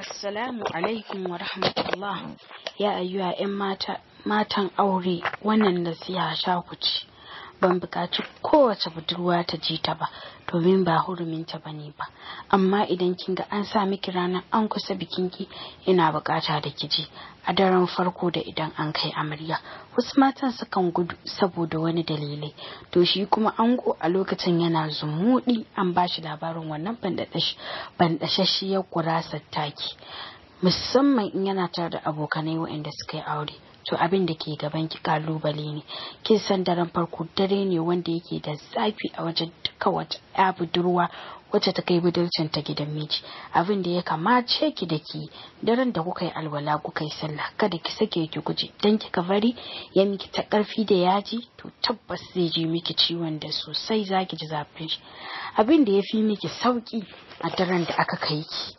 Assalamu alaikum wa rahmatullah ya ayyuwa 'yan matan aure wannan nasiha sha ku ci ban bukaci kowace budurwa ta ji ta ba domin ba hurumin ta bane ba amma idan kin ga an sa miki ranar an kusa bikin ki yana bukata da kiji a daren farko da idan an kai amarya wasu matan sukan gudu saboda wani dalilai to shi kuma ango a lokacin yana zumuɗi an ba shi labarin wannan bandashashiyar gurasar taki musamman in yana tare da abokanai waɗanda suka yi aure to abin da ke gaban ki kalubale ne kin san daren farko dare ne wanda yake da zafi a wajen duka wata ya budurwa wacce ta kai budurcin ta gidan miji abin da ya kamace ki da ki daren da kuka yi alwala kuka yi sallah kada ki sake ki guje dan kika bari ya miki ta karfi da yaji to tabbas zai ji miki ciwon da sosai zaki ji zafin shi abin da ya fi miki sauki a daren da aka kai ki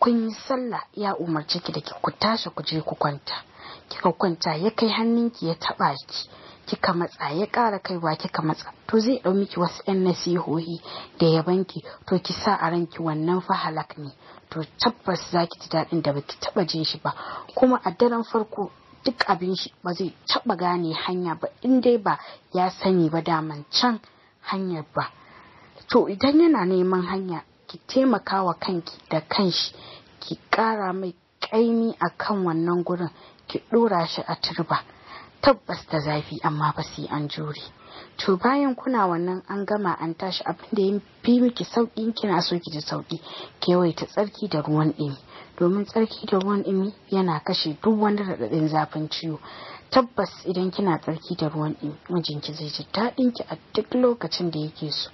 kun yi sallah ya umarci ki da ki ku tashi ku je ku kwanta kika kwanta ya kai hannunki ya taba ki kika matsa ya ƙara kaiwa kika matsa to zai ɗau miki wasu 'yan nasihohi da ya banki to ki sa a ranki wannan fa halak ne to tabbas za ki ji daɗin da baki taba jin shi ba kuma a daren farko duk abin shi ba zai taɓa gane hanya ba in dai ba ya sani ba daman can hanyar ba to idan yana neman hanya ki taimaka wa kanki da kanshi ki ƙara mai ƙaimi a kan wannan gurin ki ɗora shi a turba tabbas da zafi amma ba sai an jure to bayan kuna wannan an gama an tashi abin da ya fi miki sauki kina so ki ji sauƙi ta tsarki da ruwan ini domin tsarki da ruwan dimi yana kashe duk wani raɗaɗin zafin ciwo tabbas idan kina tsarki da ruwan dimi mijinki zai ji daɗin ki a duk lokacin da yake so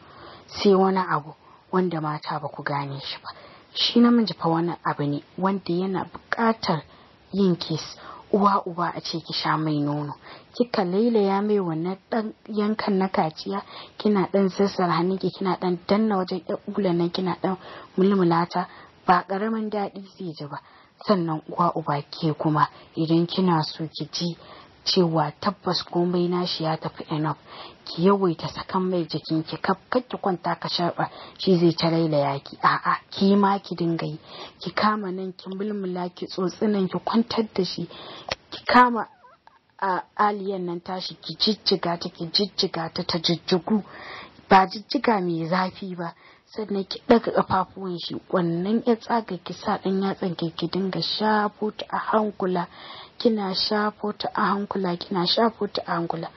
sai wani abu wanda mata ba ku gane shi ba shi namiji fa wani abu ne wanda yana buƙatar yin kes uwa uba a ce ki sha mai nono kika lailaya mai wannan dan yankan na kaciya kina dan zazzara hannunki kina dan danna wajen yan nan kina dan mulmulata ba karamin daɗi zai ji ba sannan uwa uba ke kuma idan kina so ki ji cewa tabbas komai nashi ya tafi enough ki yawaita sakan mai jikin ki kaf ki kwanta ka sharba shi zai ta laila yaki a'a ki ma ki dinga yi ki kama nan ki mulmula ki tsotsinan ki kwantar da shi ki kama a aliyan nan tashi ki jijjiga ta ki jijjiga ta ta jijjigu ba jijjiga mai zafi ba sannan ki daga kafafuwan shi wannan ya tsaga ki sa dan yatsan ki ki dinga shafo ta a hankula kina shafo ta a hankula kina shafo ta a hankula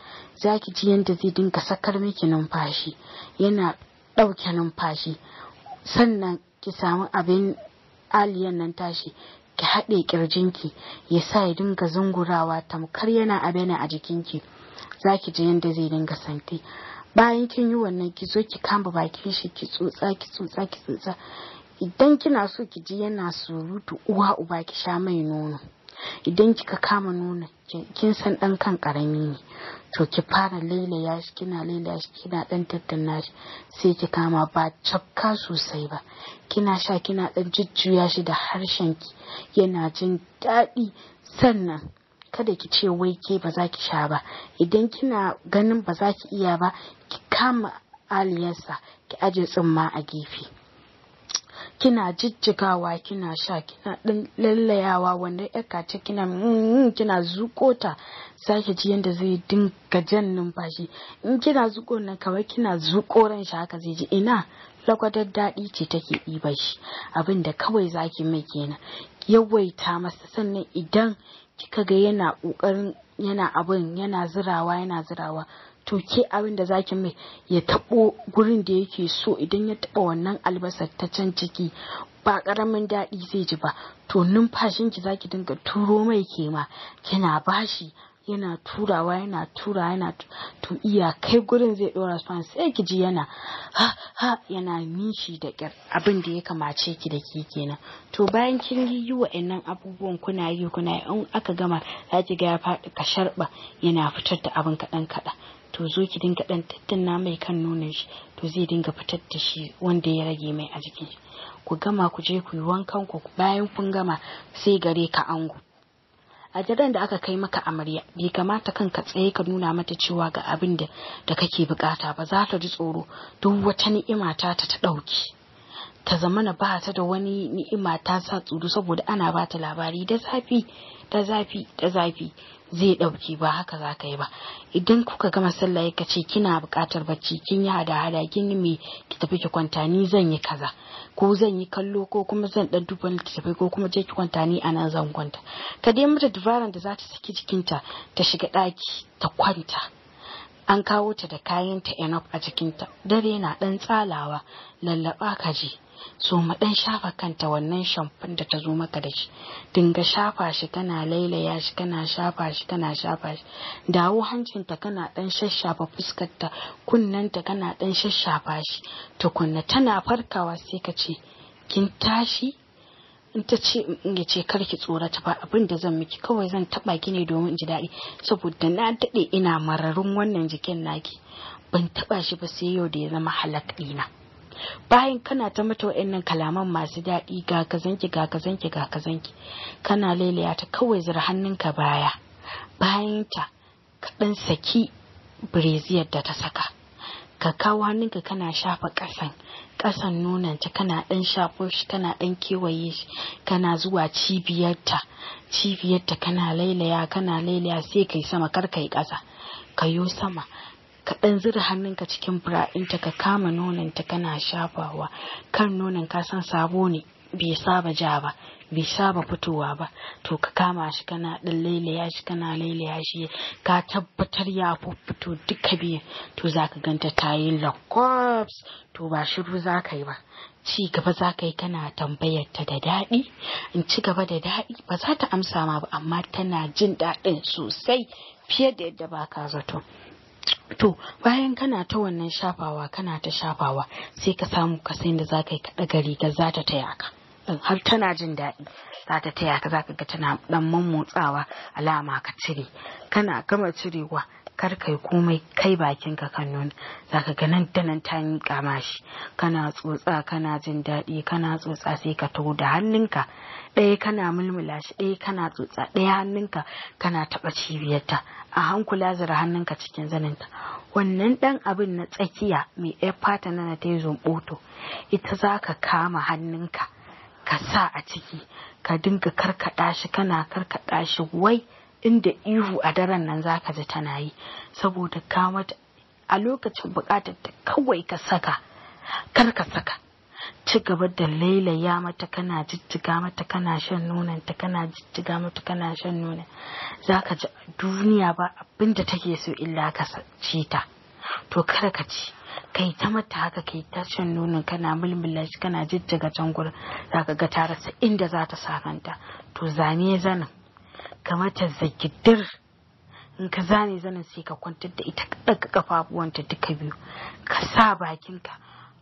zaki ji yanda zai dinga sakar miki numfashi yana ɗauke numfashi sannan ki samu abin aliyan nan tashi ki haɗe ƙirjinki ya sa ya dinga zungurawa tamkar yana abena a jikinki za ki ji yadda zai dinga santi bayan kin yi wannan ki zo ki kama bakin shi ki tsotsa ki tsotsa ki tsotsa idan kina so ki ji yana surutu uwa uba ki sha mai nono idan kika kama nuna kin san dan kan karami ne to ki fara ya shi kina laila shi kina dan tattauna shi sai ki kama ba cafka sosai ba kina sha kina dan jujjuya shi da harshen ki yana jin daɗi sannan kada ki ce wai ke ba za ki sha ba idan kina ganin ba za ki iya ba ki kama aliyarsa ki aje tsumma a gefe kina jijjigawa kina sha kina ɗin lallayawa wanda ya kace kina kina zukota sake ji yadda zai dinga jan numfashi in kina zuko nan kawai kina zuko ran shi haka zai ji ina lakwadar daɗi ce take ɗiba shi abin da kawai zaki mai kenan yawaita masa sannan idan kika ga yana ƙoƙarin yana abin yana zirawa yana zirawa to ke abin da zaki mai ya taɓo gurin da yake so idan ya taɓa wannan albasar ta can ciki ba ƙaramin daɗi zai ji ba to numfashin ki zaki dinga turo mai kema kina bashi yana turawa yana tura yana to kai gurin zai ɗora span sai ki ji yana ha ha yana nishi da kyar abin da ya kamace ki da ke kenan to bayan kin yi yi wa'annan abubuwan kuna yi kuna yi in aka gama za ki ga ya faɗi ka sharɓa yana fitar da abin kaɗan kaɗan to zo ki dinga dan tattauna mai kan nonon shi to zai dinga fitar da shi wanda ya rage mai a jikin shi ku gama ku je ku yi wankan ku bayan kun gama sai gare ka ango a jiran da aka kai maka amarya bai kamata kanka tsaye ka nuna mata cewa ga abin da da kake bukata ba za ta ji tsoro duk wata ni'ima ta ta ta dauki ta zamana ba ta da wani ni'ima ta sa tsoro saboda ana ba ta labari da safi. ta zafi ta zafi zai ɗauki ba haka za ka yi ba idan kuka gama sallah ya ce kina buƙatar bacci kin yi hada hada kin yi me ki tafi ki kwanta ni zan yi kaza ko zan yi kallo ko kuma zan ɗan ki tafi ko kuma je ki kwanta ni a zan kwanta ka dai mata dubaran da za ta saki jikinta ta shiga ɗaki ta kwanta an kawo ta da kayanta enough a jikinta dare na ɗan tsalawa lallaba ka je so mu dan shafa kanta wannan shamfun da ta zo maka da shi dinga shafa shi kana lailaya shi kana shafa shi kana shafa shi dawo hancinta kana dan shashafa fuskarta kunnanta kana dan shashafa shi tukunna tana farkawa sai ka ce kin tashi in ta ce in ya ce karki tsorata ba abin da zan miki kawai zan taba ki ne domin ji daɗi saboda na daɗe ina mararin wannan jikin naki ban taba shi ba sai yau da ya zama halak ɗina bayan kana ta mata wa'annan kalaman masu daɗi ga kazanki ga kazanki ga kazanki kana lailaya ta kawai zira hannunka baya bayan ta kaɗan saki breziyar da ta saka ka kawo hannunka kana shafa ƙasan ƙasan ta kana ɗan shafo shi kana ɗan kewaye shi kana zuwa cibiyarta cibiyarta kana lailaya kana lailaya sai kai sama kar kai ƙasa kayo sama ka ɗan zira hannunka cikin fira'inta ka kama nononta kana shafawa kan nonon ka san sabo ne bai saba ja ba bai saba fitowa ba to ka kama shi kana ɗan lailaya shi kana lailaya shi ka tabbatar ya fito duka biyan to za ka ganta ta yi lakwabs to ba shiru za ka yi ba ci gaba za ka yi kana tambayar ta da daɗi in ci gaba da daɗi ba za ta amsa ma ba amma tana jin daɗin sosai fiye da yadda ba ka zato to bayan kana ta wannan shafawa kana ta shafawa sai ka samu ka da za ka yi ka ɗaga rigar za ta taya ka har tana jin daɗi za ta taya ka za ka ga tana ɗan mammotsawa alama ka cire kana gama cirewa kar ka yi komai kai bakin ka kan nuna zaka ga nan da nan ta yi kamashi kana tsotsa kana jin daɗi kana tsotsa sai ka taho da hannunka ɗaya kana mulmula shi ɗaya kana tsotsa ɗaya hannunka kana taɓa cibiyarta a hankula zira hannunka cikin zaninta wannan ɗan abin na tsakiya mai ɗaya fata na ta yi zumɓoto ita za ka kama hannunka ka sa a ciki ka dinga karkaɗa shi kana karkaɗa shi wai inda ihu a daren nan za ka ji tana yi saboda ka a lokacin bukatar ta kawai ka saka kar ka saka ci gaba da lailaya mata kana jijjiga mata kana shan nonon ta kana jijjiga mata kana shan nonon ka ji duniya ba abin da take so illa ka ci ta to kada ka ci kai ta mata haka kai ta shan nonon kana mulmula shi kana jijjiga can gurin ka ga tarasa inda za ta sa kanta to zane zanin kamata ta zagidir in ka zane zanen sai ka kwantar da ita ka ɗaga kafafuwanta duka biyu ka sa bakinka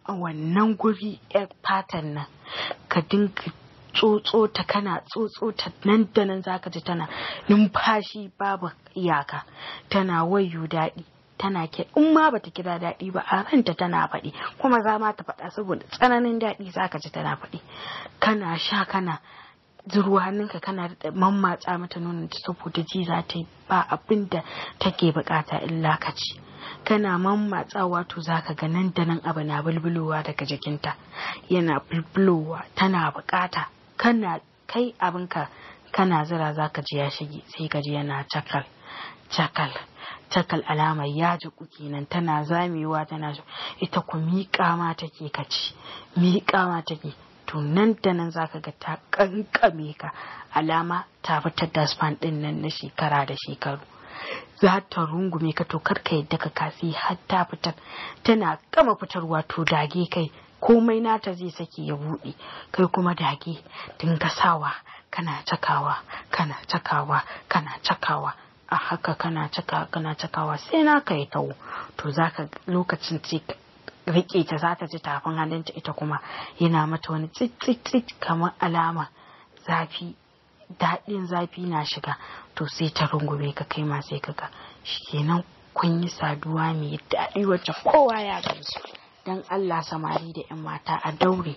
a wannan guri yar fatan nan ka dinga tsotso ta kana tsotso ta nan da nan zaka ji tana numfashi babu iyaka tana wayo daɗi tana ke in ma bata kira daɗi ba a ranta tana faɗi kuma za ma ta faɗa saboda tsananin daɗi zaka ji tana faɗi kana sha kana zuru hannunka kana da mammatsa mata nonon ta saboda ji za ta yi ba abin da take bukata illa ka kana mammatsa wato za ka ga nan da nan abu na bulbulowa daga jikinta yana bulbulowa tana bukata kana kai abinka kana zira za ka ji ya shige sai ka ji yana cakal cakal cakal alamar ya ji kenan tana zamewa tana ita ku miƙa ma take ka ci miƙa ma take to nan da nan za ka ga ta kankame ka alama ta fitar da span din nan na shekara da shekaru za ta rungume ka to kar yadda ka kasi har ta fitar tana kama fitarwa to dage kai komai nata zai saki ya buɗe kai kuma dage dinga sawa kana cakawa kana cakawa kana cakawa a haka kana caka kana cakawa sai na kai tawo to zaka lokacin ce riƙe ta za ta ji tafin hannunta ita kuma yana mata wani tsitsitsit kamar alama zafi daɗin zafi na shiga to sai ta rungume ka kai ma sai shi kenan kun yi saduwa mai daɗi wacce kowa ya gamsu don Allah samari da 'yan mata a daure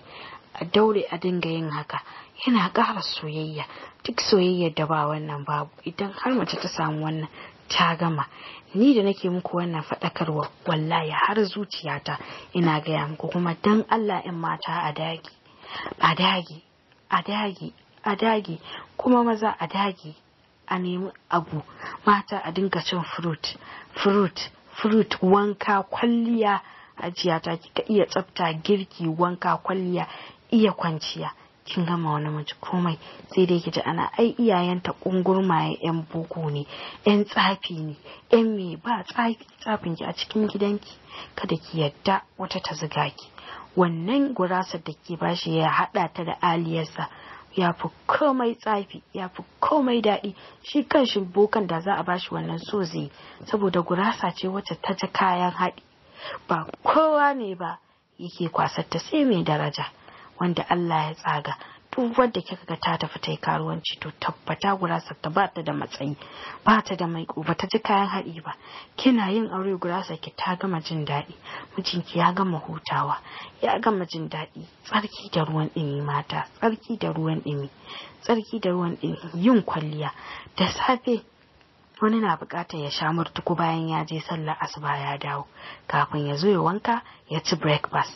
a daure a dinga yin haka yana ƙara soyayya duk soyayyar da ba wannan babu idan har mace ta samu wannan ta gama ni da nake muku wannan faɗakarwa wallahi har zuciyata ina gaya muku kuma dan Allah in mata a dagi a dagi a dagi a dagi kuma maza a dagi a nemi abu mata a dinga cin fruit fruit fruit wanka kwalliya ajiyata kika iya tsafta girki wanka kwalliya iya kwanciya kin gama wani mace komai sai dai ki ana ai iyayenta kungurmaye yan boko ne yan tsafi ne yan me ba tsafi tsafin ki a cikin gidanki kada ki yadda wata ta ziga ki wannan gurasar da ke bashi ya hada ta da aliyarsa ya fi komai tsafi ya fi komai daɗi shi kan shi bokan da za a bashi wannan so zai saboda gurasa ce wacce ta ta kayan haɗi ba kowa ne ba yake kwasar ta sai mai daraja wanda Allah ya tsaga duk wadda kika ga ta tafi ta yi karuwanci to tabbata gurasa ta ba ta da matsayi ba ta da mai ba ta ji kayan haɗi ba kina yin aure gurasa ki ta gama jin daɗi mijinki ya gama hutawa ya gama jin daɗi tsarki da ruwan ɗini mata tsarki da ruwan ɗini tsarki da ruwan ɗumi yin kwalliya da safe wani na bukatar ya sha murtuku bayan ya je sallar asuba ya dawo kafin ya zo ya wanka ya ci breakfast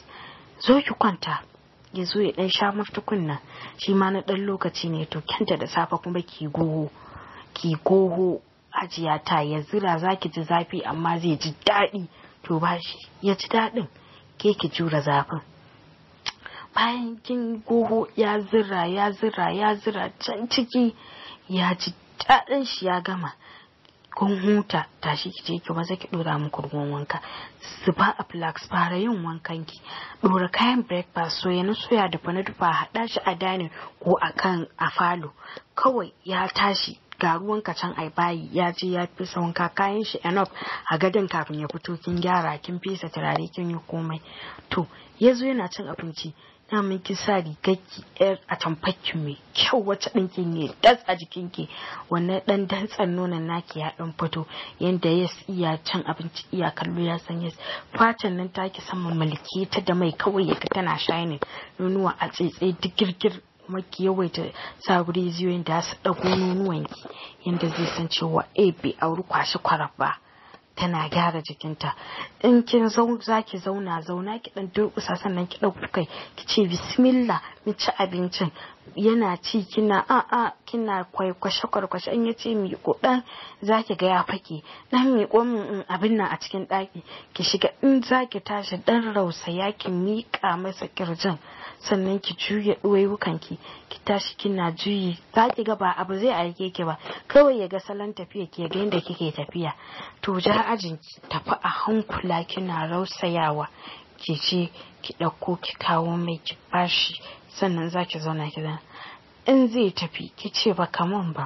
zo ki kwanta ya zo ya dan sha mafi nan shi ma na dan lokaci ne to kyanta da safe kuma ki goho ki goho hajiya ta ya zira za ki ji zafi amma zai ji daɗi to ba shi ya ji daɗin ke ki jura zafin bayan kin goho ya zira ya zira ya zira can ciki ya ji daɗin shi ya gama kun huta tashi ki je ki maza ki dora muku ruwan wanka Su ba a flax fara yin wankan ki dora kayan breakfast soya na soya da na dufa hada shi a dining ko a kan a falo kawai ya tashi ga ruwan kacan ai bayi ya je ya fi wanka kayan shi enough a gadon kafin ya fito kin gyara kin fesa turare kin yi komai to yazo yana cin abinci sanya miki sa rigakki yar a tamfakki mai kyau wacce ɗinkin ne das a jikinki wannan ɗan dantsan nonon naki ya ɗan fito yanda yas iya cin abinci iya kallo ya san yes fatan nan taki sama malike ta da mai kawai ya tana shine nonuwa a tsetse duk kuma ki yawaita sa guri ziyoyin da su ɗago nonuwanki yanda zai san cewa eh bai auri kwashi kwarab ba tana gyara jikinta in kin za ki zauna zauna ki dan durkusa sannan ki dauki kai ki ce bismillah mu ci abincin yana ci kina a a kina kwaikwashe kwarkwashe in yace mi ko dan zaki ga ya fake dan mi ko mm, abin nan a cikin ɗaki ki shiga in zaki tashi dan rausaya ki miƙa masa kirjin sannan ki juya ɗuwaiwukan ki ki tashi kina juyi zaki ga ba abu zai aike ki ba kawai ya ga salon tafiya ki ga inda kike tafiya to ja ajin ki tafi a hankula kina rausayawa ki je ki ɗauko ki kawo mai ki bashi sannan za ki zauna ki zauna in zai tafi ki ce ba kaman ba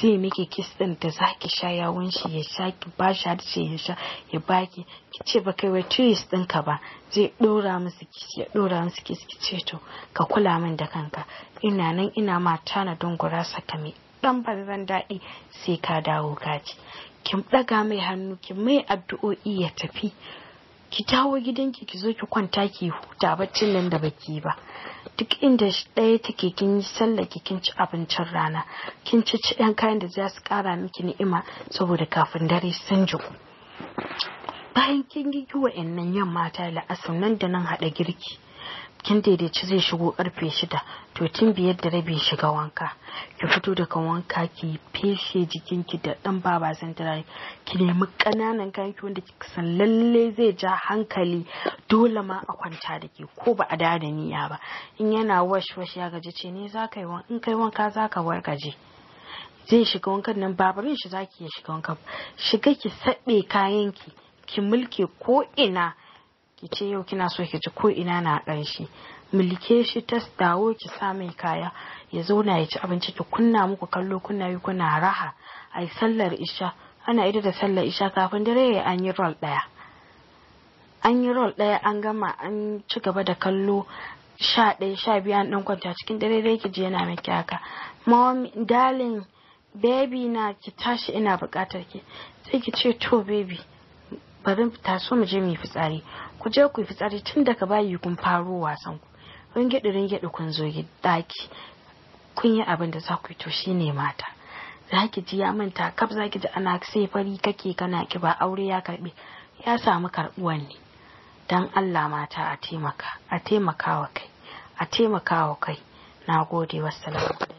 zai miki kis din da za ki sha yawun shi ya sha ki ba shi har ce ya sha ya baki ki ce ba kai wai turis din ka ba zai dora musu kis ya dora musu kis ki ce to ka kula min da kanka ina nan ina ma tana don gurasa mai dan ban daɗi sai ka dawo ka ci kin ɗaga mai hannu ki mai addu'o'i ya tafi ki dawo gidanki ki zo ki kwanta ki huta baccin nan da baki ba duk inda ɗaya take kin yi sallah ki kin ci abincin rana kin ci ci ɗan kayan da za su ƙara miki ni'ima saboda kafin dare sun jiku bayan kin yi wa'annan yamma ta la'asar nan da nan haɗa girki kin daidaici zai shigo karfe shida to tun biyar da rabi shiga wanka ki fito daga wanka ki feshe jikinki da dan baba santirari ki nemi kananan kayanki wanda kika san lalle zai ja hankali dole ma a kwanta da ke ko ba a da da niyya ba in yana wash wash ya gaji ce ne za ka yi wanka in kai wanka za ka wargaje zai shiga wankan nan babarin shi za ki iya shiga wanka shiga ki saɓe kayanki ki mulke ko ina ki ce yau kina so ki ci ko ina na ƙanshi milke shi ta dawo ki sa mai kaya ya zauna ya ci abinci ki kunna muku kallo kunna yi kuna raha a yi sallar isha ana ida da sallar isha kafin dare ya an yi rol ɗaya an yi rol ɗaya an gama an ci gaba da kallo sha ɗaya sha biyu an ɗan kwanta cikin dare dai ki je yana miki haka mom darling baby na ki tashi ina buƙatar ki sai ki ce to baby bari ta so mu je mu yi fitsari ku je ku fitsari tun daga bayi kun faro wasan ku ringiɗi ringiɗi kun zo daki kun yi abin da za ku yi to shine mata za ki ji ya manta kaf za ki ji ana sai fari kake kana ki ba aure ya karɓe ya samu karɓuwan ne dan Allah mata a taimaka a taimaka wa kai a taimaka wa kai na gode wassalamu